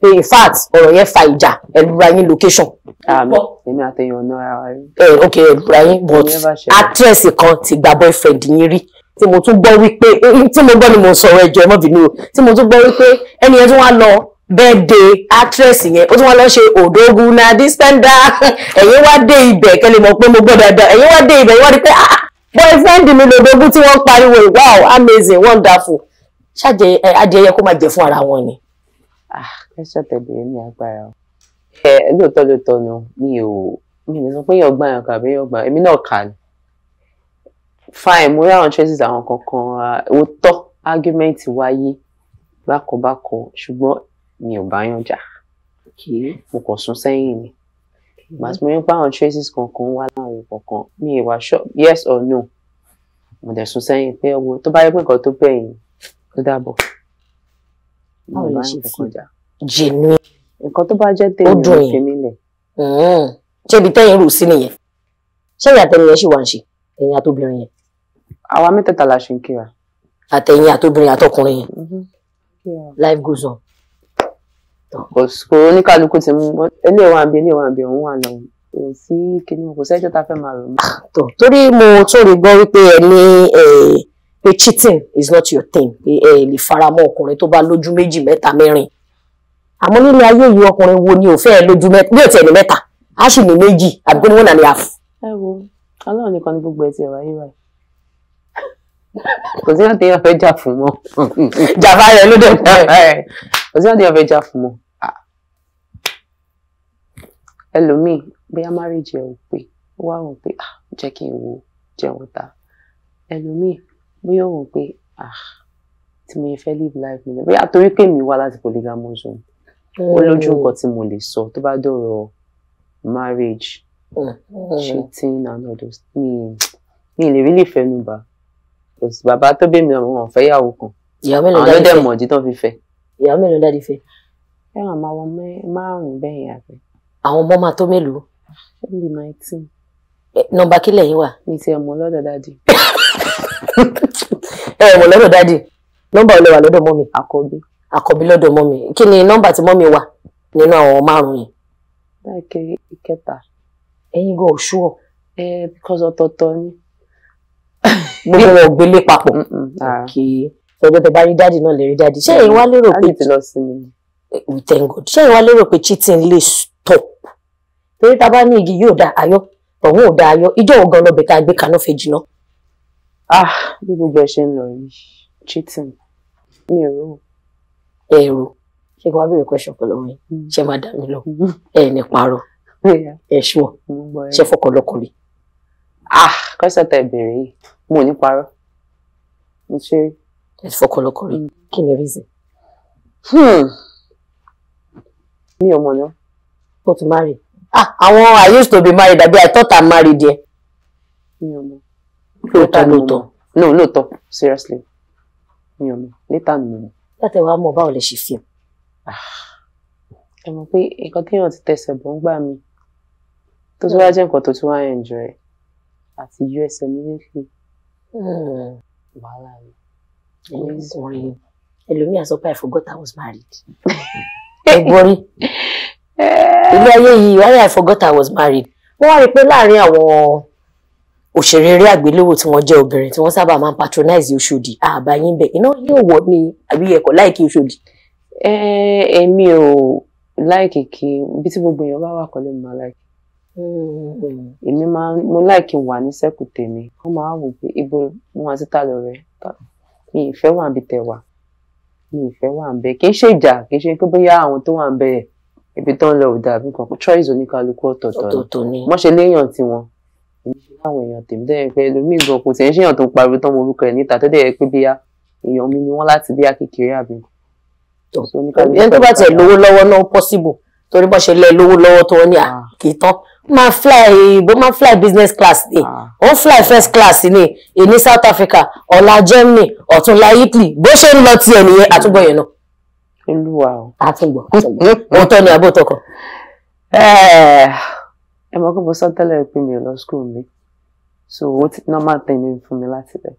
pé eh, in fact ọ̀rọ̀ yẹn fa ìjà ẹ̀lúra yín location. èmi àtẹ̀yìn ọ̀nà ara wa rí. Eh, ok ẹ̀lúra yín but actress kan ti gba boyfriend yín rí tí mo tún gbọ́ wípé tí mo gbọ́ ni mo sọ̀rọ̀ ẹ̀jọ̀ ẹ̀mọ́ bínú o tí mo tún gbọ́ wípé ẹni yẹn tún wá lọ birthday actress yẹn ó tún wá lọ ṣe òdógún na dísẹ́ndà ẹ̀yin wá dé ibẹ̀ kẹ́lẹ́ mọ̀ pé mo gbọ́ dáadáa ẹ̀yin wá dé ibẹ̀ wọ́n rí pé ah boyfriend mi lòdógún tí wọ́n pariwo wow amazing wonderful ṣáàjẹ adìẹ yẹ kó máa jẹ fún ara wọn ni. Ah, ẹ ṣàtẹ̀lé ní agbára ẹ lóòótọ́ lóòótọ́ ni mi ò mi ò sọ pé yọ̀gbọ́n àkàbí yọ̀gbọ́n èmi náà kà ní fine mo rí àwọn traces àwọn kankan ah, òótọ́ argument wáyé bákọ̀bákọ̀ ṣùgbọ́n mi ò bá yàn jà mo kàn sún sẹ́yìn ni màá mo rí pé àwọn traces kankan wá láwọn kankan mi ìwà sure yes or no mo dẹ̀ sún sẹ́yìn pé ọmọ tó bá yẹ pé nǹkan tó bẹ̀yìn tó dàbọ̀ mo bá yàn kankan jà jìnnú nǹkan tó bá jẹ́ tèmi ló fi mí lẹ̀. Mm-hmm. ṣé ibi tẹ́yìn rù sí nìyẹn ṣé ìyàtọ̀ nìyẹn ṣì wà ń ṣe ẹ̀yìn àtòbìnrin yẹn àwa mẹ́tẹ̀ẹ̀ta la ṣe ń kíra. àtẹ̀yìn àtobìnrin àtọkùnrin mhm. yẹn life goes on. kò oníkálukú ti mú ilé wa bí ilé wa bí òun wà lọ kò sí kíní kò sẹ́jọ́ tá a fẹ́ máa rò mọ́. Ah, torí mo tún rí gbọ́ wípé ẹ ní pé cheating is not your thing pé ẹ lè faramọ́ ọkùnrin tó bá lójú méjì mẹ́ta mẹ́rin àmọ́ nílé ayé yìí ọkùnrin wo ni ò fẹ́ lójú mẹ́ta bí ò tiẹ̀ ní mẹ́ta á sì ní méjì àbí kí ni wọ́n nà ní àfọ̀. ẹ wo ọlọ́run nìkan ni gbogbo ẹ ti ẹ̀ wáyé báyìí kò sí ọ̀tẹ̀ yẹn fẹ́ jà fún mọ́ jàfa rẹ̀ ló dẹ̀ fún ẹ̀ kò sí ọ̀tẹ̀ yẹn fẹ́ jà fún mọ́ ẹlòmíì bóyá márìjì ẹ̀ ò pé ó wá wò pé jẹ́ kí n wo jẹun ta ẹlòmíì bóyá ó pé tí mo fẹ́ live life mi lọ bóyá torí pé mi wá láti polygamous zone ó mm. lójú nǹkan tí mo lè sọ tó bá dọ̀rọ̀ marriage mm, mm. cheating and all those mi mi lè really lè fẹnu bà kò sí bàbá tó bí mi àwọn ọ̀fẹ́ yàwó kan àwọn ló dẹ̀ mọ̀ ọ̀dí tán fi fẹ́. ìyàwó mélòó dáadé fẹ́. ẹ ràn máa wọ márùn-ún bẹ́ẹ̀ yà fẹ́. àwọn ọmọ máa tó mélòó. ó nineteen. nọ́mbà kílẹ̀ yín wà. mi ti ẹ̀ lọ́dọ̀ dáadé. ẹ ẹ̀ lọ́dọ̀ dáadé nọ́mbà olè wà lọ́dọ̀ mọ́mi. àkọ́bí. àkọ́bí lọ́dọ̀ mọ́mi kí ni nọ́mbà tí mọ́mi wà nínú àwọn márùn-ún yìí. ìkẹta. ẹ̀yin gan ọ̀ṣù ọ̀. ẹ because ọ̀tọ̀ọ̀tọ̀ ni gbogbo wọn gbélé papọ̀. kì í sọgbọ́n tẹ bá rí dáàdì náà lè rí dáàdì. ṣé ìwà lérò pé we oh, thank God ṣé ìwà lérò pé cheating lè stop torí ta bá ní igi yóò da ayọ̀ ọ̀hún ò da ayọ̀ ìjọ òun gan lọ́bẹ̀ tá a gbé kaná fẹ́ jìnnà. ah bí gbogbo ẹ ṣe ń lọ yìí cheating mi ò rò. ẹ̀rù ṣé kí wọ́n á béèrè question pẹ̀lú mi mm. ṣé máa dà mí lọ mm-hmm. ẹ̀ ní parọ́ ẹ̀ ṣùọ́ ṣé fọkànlọ́kùnrin. ah kọ́sọ̀tà ìbéèrè yìí mo ò ní parọ́ mo ṣe rí. ẹ ti fọkàn hmm. kí ni reason. Hmm. mi ò mọ̀ náà. o ti marry. ah àwọn I used to be married àbí I thought I'm married yẹn. mi ò mọ̀. lóòótọ́ lóòótọ́. no lóòótọ́ seriously mi ò mọ̀ later mi ò mọ̀. láti wàá mọ̀ báwo lè ṣe fi hàn. Ah. ẹ mọ̀ pé nǹkan téèyàn ti tẹsẹ̀ bọ̀ ń gbà mí tó tún wá jẹ́ nǹkan tó tún wá enjoy àti usm nílé Hmm. wàhálà yìí ọkùnrin ẹlòmíà sọ pé I forgot I was married ẹ gbọ́rí eh. ilé ayé yìí wọ́n I forgot I was married wọ́n wá rí i pé láàárín àwọn òṣèré eré àgbéléwò tí wọ́n jẹ́ obìnrin tí wọ́n sábà máa ń patronize Ọ̀ṣọ́dì àbáyín bẹ́ẹ̀ iná yóò wọ̀ ní àbí ẹ̀kọ́ láìkí Ọ̀ṣọ́dì. èmi ò láìkìkì bí tí gbogbo èèyàn bá wà kọ́lé mi máa láìkì. Hmm. èmi máa mo láìkí wà ní sẹ́kù tèmi wọ́n máa wò pé ibo mo àti ta lọ rẹ mi ìfẹ́ wà ń bi tẹ̀ wà mi ìfẹ́ wà ń bẹ kì í ṣe ìjà kì í ṣe pé bóyá àwọn tó wà ń bẹ ibi tó ń lọ ò dàbí kan choice oníkálukú ọ̀tọ̀ọ̀tọ̀ ni wọ́n ṣe léèyàn tiwọn èmi ṣe láwọn èèyàn tèmi tó yẹ pé ẹlòmíì gan kò tẹ̀ ń ṣèyàn tó ń pariwo tán mo orúkọ ẹ̀ níta tó dẹ̀ yẹ pé bíyà èèyàn mi ni wọ́n láti bíyà kékeré àbí. ẹni tó bá tẹ̀ lówó lọ́wọ́ náà possible torí bó ṣe lẹ́ lówó lọ́wọ́ tó ní à ah máa fly bó máa fly business class ni ah. ó ń fly first class ni èní South Africa ọ̀la Germany ọ̀túnla Italy bó ṣe ń lọ ti ẹ̀ nìyẹn àtúgbọ̀ yẹn náà. olúwa o. àtúgbọ̀ àtúgbọ̀ òótọ́ ni àbó tọkọ. ẹ mọ̀ pé mo sọ tẹ́lẹ̀ pé mi ò lọ school mi so ó ti normal thing ni fún mi láti lẹ̀.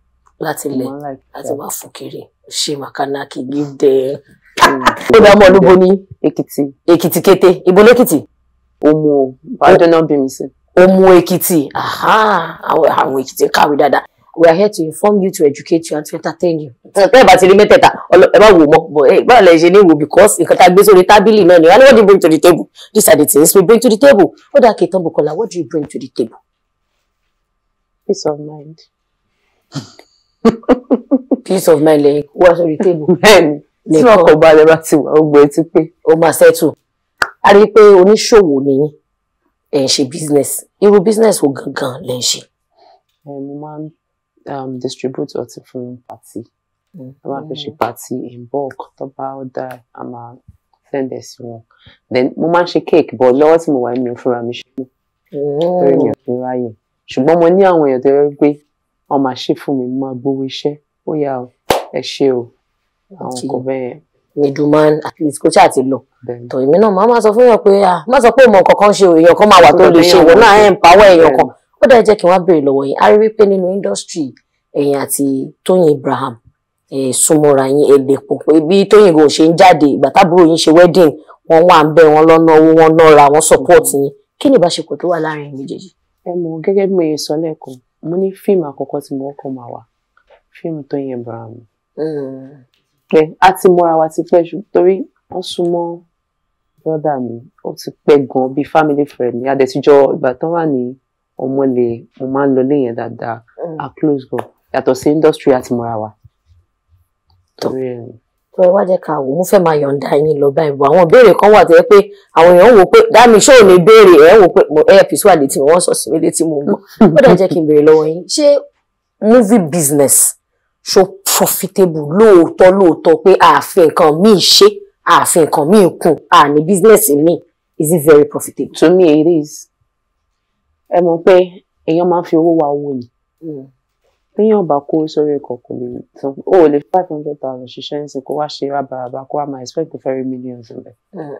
láti lẹ̀ láti wá fún kiri ṣe màkànà kì í dẹ̀. ó dá mọ́ olúbo ní Èkìtì Èkìtì kété ibo lẹ́kìtì. Omo, ọmọ wàjọ náà bí mi sí. ọmọ èkìtì àwọn ekiti kàwé dáadáa we are here to inform you to educate you and to entertain you. tẹ́ ẹ bá ti rí mẹ́tẹ̀ẹ̀ta ẹ bá wò mọ́ bọ̀ ẹ báwo lẹ ṣe ní wò because nǹkan tá a gbé sórí tábìlì náà ni wọ́n ní what do you bring to the table these are the things we bring to the table ó dáa kí tán Bùkọ́lá what do you bring to the table. peace of mind. peace of mind lẹ́yìn wá the table. bẹ́ẹ̀ni tí wọn kò bá lè bá ti wà ó gbé etí pé. ó máa ṣẹ́tù a rí i pé oníṣòwò ni yín ẹ̀ ń ṣe business irú business wo gangan lẹ̀ ń ṣe. mo máa ń um, distribute ọtí fún pàtí mm-hmm. tó bá fẹ́ ṣe pàtí in bulk tó bá ọ̀dà a máa send ẹ̀ sí wọn then mo máa ń ṣe cake but lọ́wọ́ tí mo wà mi ò fúnra mi ṣe mí torí mi ò ráyè ṣùgbọ́n mo ní àwọn èèyàn tó yẹ pé wọ́n máa ṣe fún mi mo máa gbowó iṣẹ́ ó yá o ẹ ṣe o àwọn kò bẹ́ẹ̀ middleman at least kó ṣáà ti lọ tó èmi náà màá máa sọ fún yàn pé ah má sọ pé ìmọ̀ kankan ṣe èèyàn kan máa wà tó lè ṣe ìwọ náà ẹ̀ ń pawọ́ èèyàn kan ó dẹ̀ jẹ́ kí wọ́n béèrè lọ́wọ́ yín a wípé nínú industry ẹ̀yin àti Tóyìn Ibrahim ẹ̀ súnmọ́ra yín ẹ̀ lè pọ̀ pé bí Tóyìn kò ṣe ń jáde ìgbà tábúrò yín ṣe wedding wọ́n wà ń bẹ̀ wọ́n lọ́nà owó wọ́n nọ́ra wọ́n support yín kí ni ìbáṣepọ̀ tó wà láàrin méjèèjì. ẹ mọ̀ gẹ́gẹ́ bí mo yẹ sọ lẹ́ẹ̀kan mo ní fíìmù àkọ́kọ́ tí mo kọ máa wà fíìmù Tóyìn Ibrahim hmm kẹ́ a ti mọ́ra wa ti pẹ́ jù torí wọ́n súnmọ́ brọ́dà mi ó ti pẹ́ gan bíi family friend mi adẹ̀tijọ́ ìgbà tán wà ní ọmọlé mo máa ń lọ lé dáadáa mm. a close gan yàtọ̀ sí industry àti mọ́ra wa. torí ẹ̀ tó ẹ wá jẹ́ ká wò mo fẹ́ máa yọ̀ǹda yín lọ báyìí bọ àwọn ìbéèrè kan wà tó yẹ pé àwọn èèyàn ń wò pé dáàmì ṣó ò béèrè ẹ wò pé mo air peace wà létí mi wọ́n sọ sí mi létí mo ń gbọ́ ó dà jẹ́ kí n béèrè lọ́wọ́ yín ṣé movie business ṣó comfortable lóòótọ́ lóòótọ́ pé ààfin nǹkan míì ṣe ààfin nǹkan míì kùn àní business míì is it very profitable. to me it is ẹ mọ̀ pé èèyàn máa ń fi owó wa owó ni hmm. téèyàn bá kó sórí ẹ̀kọ́ kò lè tán o lè five hundred thousand ṣiṣẹ́ ń sìn kó wá ṣe rábàrábà kó wá máa expect to ferry millions rẹ̀ hmm.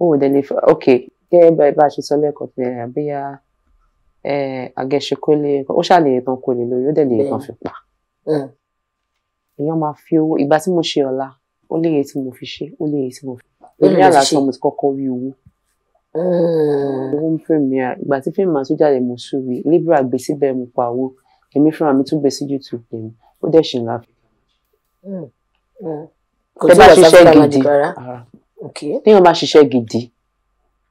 o ò dẹ̀ lè fi ok gẹ́gẹ́ bá bá a ṣe sọ lẹ́ẹ̀kan tó yẹ àbíyá àgẹ̀ṣekólé ó ṣàlè tán kò lè lórí ó dẹ̀ lè tán hmm. fi pa èèyàn máa fi owó ìgbà tí mo ṣe ọ̀la ó léye tí mo fi ṣe ó léye tí mo fi èmi àlàsọ mo ti kọ́kọ́ rí owó hmm. owó ń fẹ́ mi à ìgbà tí fíìmù àtúntò jáde mo sùn rí libra gbé síbẹ̀ mo pa owó èmi fúnra mi tún gbé sí YouTube èmi ó dẹ̀ ṣì ń láfi. Hmm. Hmm. tẹ́ bá ṣiṣẹ́ gidi téèyàn bá ṣiṣẹ́ gidi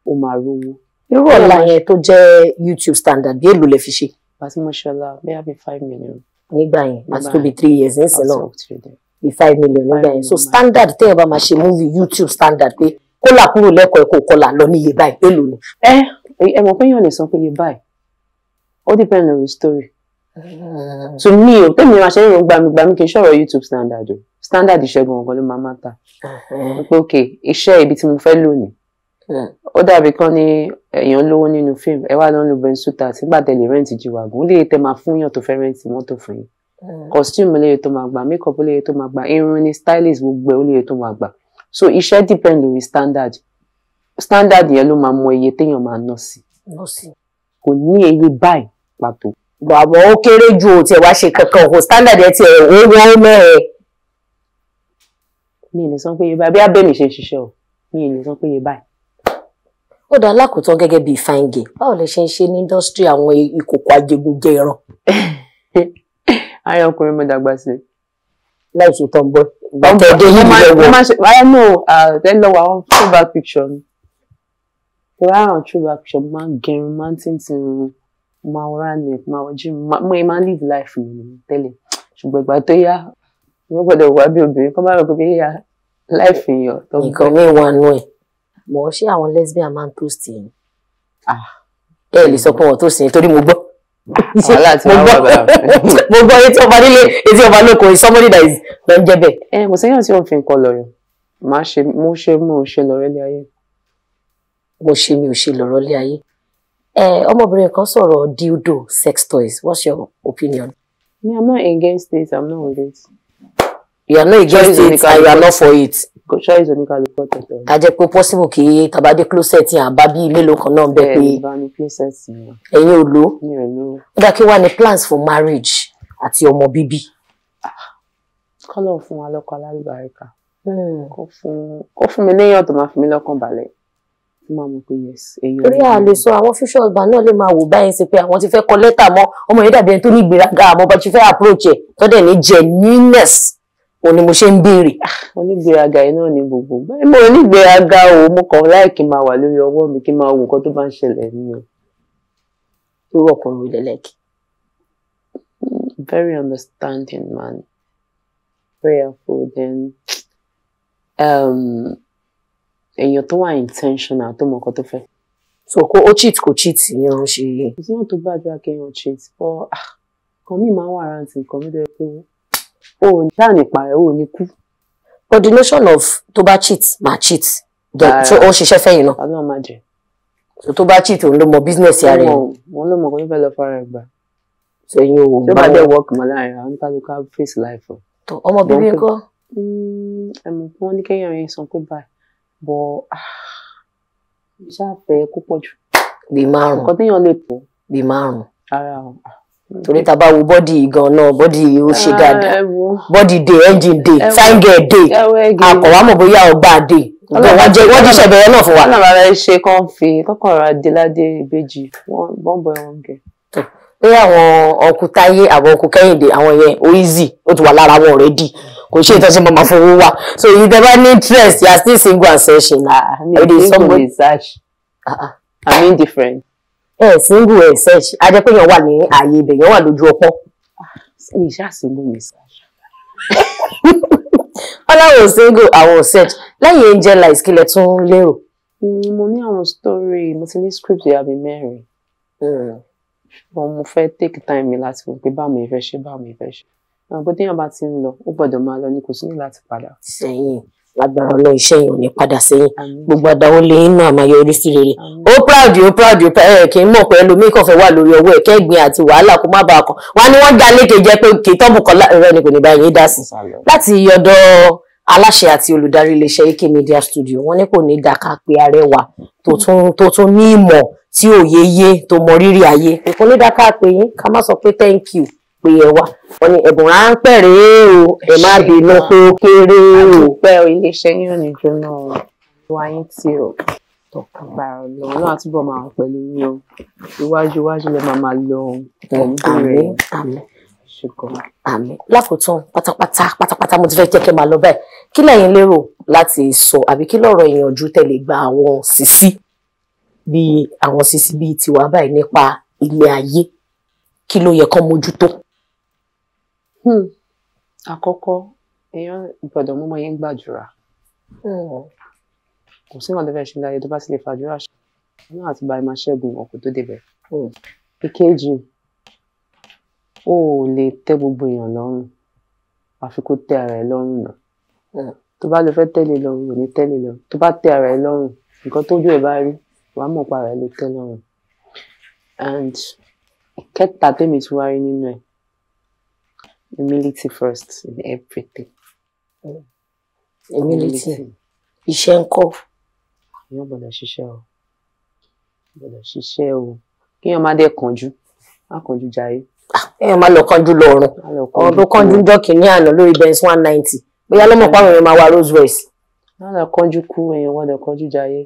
ó máa rówó. irú ọ̀la yẹn tó jẹ́ YouTube standard bí èlò lè fi ṣe. bá a ti mọ̀ ṣe ọ̀la a five million nígbà yẹn to be three years ń sìn Be five million nígbà yẹn so standard téèyàn bá máa ṣe movie YouTube standard pé kólà kúrò lẹ́kọ̀ọ́ ẹ̀kọ́ kọlà lọ ní iye báyìí pé lónìí. ẹ eh, ẹ mọ̀ pé yàn lè sọ pé iye báyìí ó depend on the story to hmm. me o tẹ́mi máa ṣe nínú gbamigbami kì í ṣọ̀rọ̀ YouTube standard o standard ìṣẹ́gun ọ̀gọ́ ló máa máa ta hmm. pé ok iṣẹ́ ibi tí mo fẹ́ lónìí ó dàbí kan ní èèyàn lówó nínú fíìmù ẹ wá lọ́nu bẹ́ńsútà sígbà tẹ̀lé rẹ́ǹtì jìwàgùn lè tẹ máa fún yàn tó fẹ́ rẹ́ǹtì mọ́tò fún yín mm. costume lè tó máa gbà makeup lè tó máa gbà irun ni stylist gbogbo ẹ̀ ó lè tó máa gbà so iṣẹ́ depend lórí standard standard yẹn ló máa mọ iye téèyàn máa ná sí kò ní iye báyìí pàtó. bàbá ó kéré ju òtí ẹ wá ṣe kankan òkò standard ẹ ti ẹ ó wọ́n mẹ́ẹ̀. mi ò lè sọ pé iye báyìí bí abẹ́mi ṣe ń ṣiṣẹ́ o mi ò lè sọ pé iye báyìí ó dá alákòótán gẹ́gẹ́ bíi fáńgẹ̀ báwo lẹ ṣe ń ṣe ní indọ́sítírì àwọn ìkòkò ajégunjẹ ẹran. ayé ọkùnrin mo dàgbà sí i. láì ṣe tán bọ́ gbàgbọ́ ọdún yìí lè wọ. I know àtẹ́lọ́wọ́ àwọn true back picture mi wọ́n àwọn true back picture mi máa ń gẹrun máa ń tìǹtìǹ rún máa wọ́n rán ẹ̀ máa wọ́n jí mo máa ń live life mi tẹ́lẹ̀ ṣùgbọ́n ìgbà tó yá wọ́n gbọ́dọ̀ wá bí obìnrin kọ́ life èèyàn tó gbọ́. nǹkan mọ̀ ṣé àwọn lesbian máa ń toast yẹn. Ah. ẹ lè sọ pé wọn toast yẹn torí mo gbọ́. wàhálà tí wọn wà bá mo gbọ́ etí ọba nílé etí ọba lóko is somebody that is lọ ń jẹ bẹ́ẹ̀. ẹ eh, kò sẹ́yìn tí wọ́n fi nǹkan lọ yàn má ṣe mo ṣe mo ṣe lọ́rẹ́ lé ayé. mo ṣe mi ò ṣe lọ́rọ́ lé ayé. ọmọbìnrin kan sọ̀rọ̀ dildo sex toys what's your opinion. Me, I'm not against it. I'm not against it. You are not against it and you are not for it kò ṣáìsì oníkálukú ọ̀tọ̀ọ̀tọ̀. ká jẹ́ pé possible kí tabade closet yẹn àbá bíi mélòó kan náà bẹ́ẹ̀ pé ẹ̀yin ò lò ó dá kí wá ní plans for marriage àti ọmọ bíbí. kọ́lọ̀ fún wa lọ́kọ alálùbáríkà hmm. kó fún mi léèyàn tó máa fi mí lọ́kàn balẹ̀ tó máa mọ̀ pé yes èyí ò rí à lè sọ àwọn future husband náà lè máa wò báyìí sí pé àwọn ti fẹ́ kọ lẹ́tà mọ́ ọmọ yẹn dàbí ẹni tó ní ìgbéraga àmọ́ bá ti fẹ́ approach ẹ̀ tọ́dẹ̀ ní genuineness òun ni mo ṣe ń béèrè. Ah, onígbéraga yìí náà ni gbogbo mo onígbéraga o mo kàn láì kí n máa wà lórí ọwọ́ mi kí n máa wo nǹkan tó bá ń ṣẹlẹ̀ nínú irú ọkùnrin olẹ́lẹ́kì very understanding man prayerful then um, èèyàn tó wà intentional tó mọ nǹkan tó fẹ́. so kó o cheat kò cheat yẹn ṣe. ìṣẹ́yàn tó gbàdúrà kéèyàn cheat but ah, kàn mí máa wà rántí nǹkan mi dẹ́ pé wọ́n o ò dáà ní parẹ́ o ní kú. but the notion of tó bá cheat máa cheat so ó ṣiṣẹ́ fẹ́yìn náà. ọlọ́run máa jẹ. so tó bá cheat òun ló mọ business yàrá yẹn. òun ló mọ kó tó fẹ́ lọ fara ẹ̀ gbà. so eyín o bá wọn. tó bá dé work mọ́ láàrin àwọn kálukú face life. tó ọmọ bíbí ńkọ́. Mm, ẹ mọ̀ pé wọ́n ní kéèyàn yẹn san kó báyìí bọ̀ ah, ṣáà fẹ́ kó pọ̀ jù. bí márùn-ún nǹkan téèyàn lè pọ̀. bí márùn-ún. ara ah. ọ̀hún Hmm. torí ta bá wo bọ́dì gan náà bọ́dì ó ṣe ah, dáadáa bọ́dì day engine day fine girl day àkọ̀wámọ̀ bóyá ọgbà day wọ́n jẹ́ wọ́n jíṣẹ́ bẹ̀rẹ̀ náà fún wa. ọ̀nà bàbá ṣe kàn fi kọ́kọ́ ra déládé ìbejì bọ́ǹbọ̀ ẹ̀wọ̀n gẹ̀. pé àwọn ọkù táyé àwọn ọkù kẹ́hìndé àwọn yẹn ó easy ó ti wà lára wọn already kò ṣe ìtọ́sí mọ́mọ́ fowó wa so if they have interest you are still single and session ah me too dey i mean different ẹ single ẹ search a jẹ́ pé èèyàn wà ní ààyè ibẹ̀ èèyàn wà lójú ọpọ́. sẹ́ni iṣẹ́ àṣìlú mi ṣáṣá. wọ́n láwọn single àwọn search lẹ́yìn angel lies kílẹ̀ tún lérò. Mm, mo ní àwọn story mo ti ní script yàbí mẹ́rin hmm. ṣùgbọ́n mo fẹ́ take time mi láti wò pé báwo ni ìfẹ́ ṣe báwo ni ìfẹ́ ṣe. àwọn bó téèyàn bá ti ń lọ ó gbọ́dọ̀ máa lọ ni kò sí ní láti padà. sẹ́yìn lágbára Ọlọ́run iṣẹ́ yẹn ò ní padà sẹ́yìn gbogbo àdáwọ́ lé inú àmà yọrí sí rere ó proud ó proud ẹ kì í mọ̀ pé ẹlòmíì kàn wà lórí ọwọ́ ẹ̀ kẹ́gbìn àti wàhálà kó má bàa kàn wá ní wọ́n dá lékè jẹ́ pé kì í rẹ ni kò ní bá dá sí láti ọ̀dọ̀ aláṣẹ àti olùdarí iléeṣẹ́ AK Media Studio wọ́n ní kò ní dàka pé arẹwà tó tún ní ìmọ̀ tí òye yé tó mọ rírì ayé kò ní dàka pé yín ká má sọ pé thank you pé ẹ wá wọn ní ẹ̀bùn ráńpẹ́ rèé o ẹ má bínú pé kéré o. àdúpẹ́ iléeṣẹ́ yìí ní jóná o wáyé tí o tọkàgbàrà lọ náà túbọ̀ máa pẹ̀lú yín o iwájú iwájú lè máa máa lọ ohun tó ń bèrè àmì lákòótán pátápátá pátápátá mo ti fẹ́ jẹ́ kẹ́ máa lọ báyìí kí lẹ́yìn lérò láti sọ àbí kí lọ́rọ̀ ìyànjú tẹ̀lé gba àwọn sísí bíi àwọn sísí bíi tiwa báyìí nípa ilé ayé kí ló yẹ kán mójútó. Hmm. àkọ́kọ́ èèyàn gbọ́dọ̀ mú ọmọ yẹn gbàdúrà hmm. kò sí ìrànlọ́fẹ́ ṣe láyé tó bá sì lè fàdúrà ṣe náà àti báyìí máa ṣẹ́gun ọkọ̀ tó débẹ̀. Hmm. ìkejì o ò lè tẹ́ gbogbo èèyàn lọ́rùn àfi kó tẹ́ ara ẹ lọ́rùn náà tó bá lè fẹ́ tẹ́lẹ̀ lọ́rùn ò ní tẹ́lẹ̀ lọ́rùn tó bá tẹ́ ara ẹ lọ́rùn nǹkan tójú ẹ bá rí wàá mọ̀ pa ara ẹ ló tẹ́ lọ́rùn and kẹta tèmi tí wàá rí nínú ẹ humility first in everything. Mm. humility iṣẹ́ ń kọ́. èèyàn gbọ́dọ̀ ṣiṣẹ́ o gbọ́dọ̀ ṣiṣẹ́ o kéèyàn má dẹ̀ kánjú má kánjú jayé. Ah, èèyàn má lọ kánjú lọ́rùn ọ̀run tó kánjú ń jọ́ kínní àná lórí Benz one ninety bóyá lọ́mọ pàwọn èèyàn máa wa Rolls Royce. má lọ kánjú kú èèyàn gbọ́dọ̀ kánjú jayé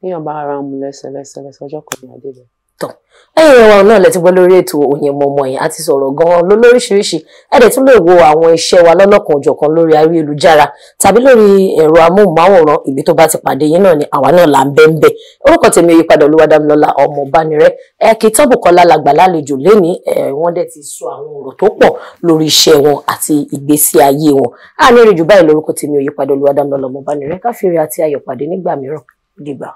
kéèyàn bá ara mu lẹ́sẹ̀lẹ́sẹ̀ lẹ́sẹ̀ ọjọ́ kan ní adébẹ̀ tán ẹ̀yin ìyẹn wa náà lẹ ti gbọ́ lórí ètò òyìn mọ̀mọ́ yẹn àti sọ̀rọ̀ gan-an ló lóríṣiríṣi ẹ dẹ̀ tún lè wo àwọn iṣẹ́ wa lọ́lọ́kan òjọ̀kan lórí ayélujára tàbí lórí ẹ̀rọ amóhùnmáwòrán ibi tó bá ti pàdé yín náà ni àwa náà là ń bẹ́ ń bẹ́ orúkọ tèmi yípadà olúwadámilọ́lá ọmọ bánirẹ́ ẹ kì í tọ́bù kọ́lá làgbà lálejò lẹ́ni wọ́n dẹ̀ ti sọ àwọn ọ̀rọ̀ tó pọ̀ lórí iṣẹ́ wọn àti ìgbésí ayé wọn àní ìrìnjù báyìí lórúkọ tèmi yípadà olúwadámilọ́lá ọmọ bánirẹ́ káfíìrì àti ayọ̀pàdé nígbà mìíràn dìgbà.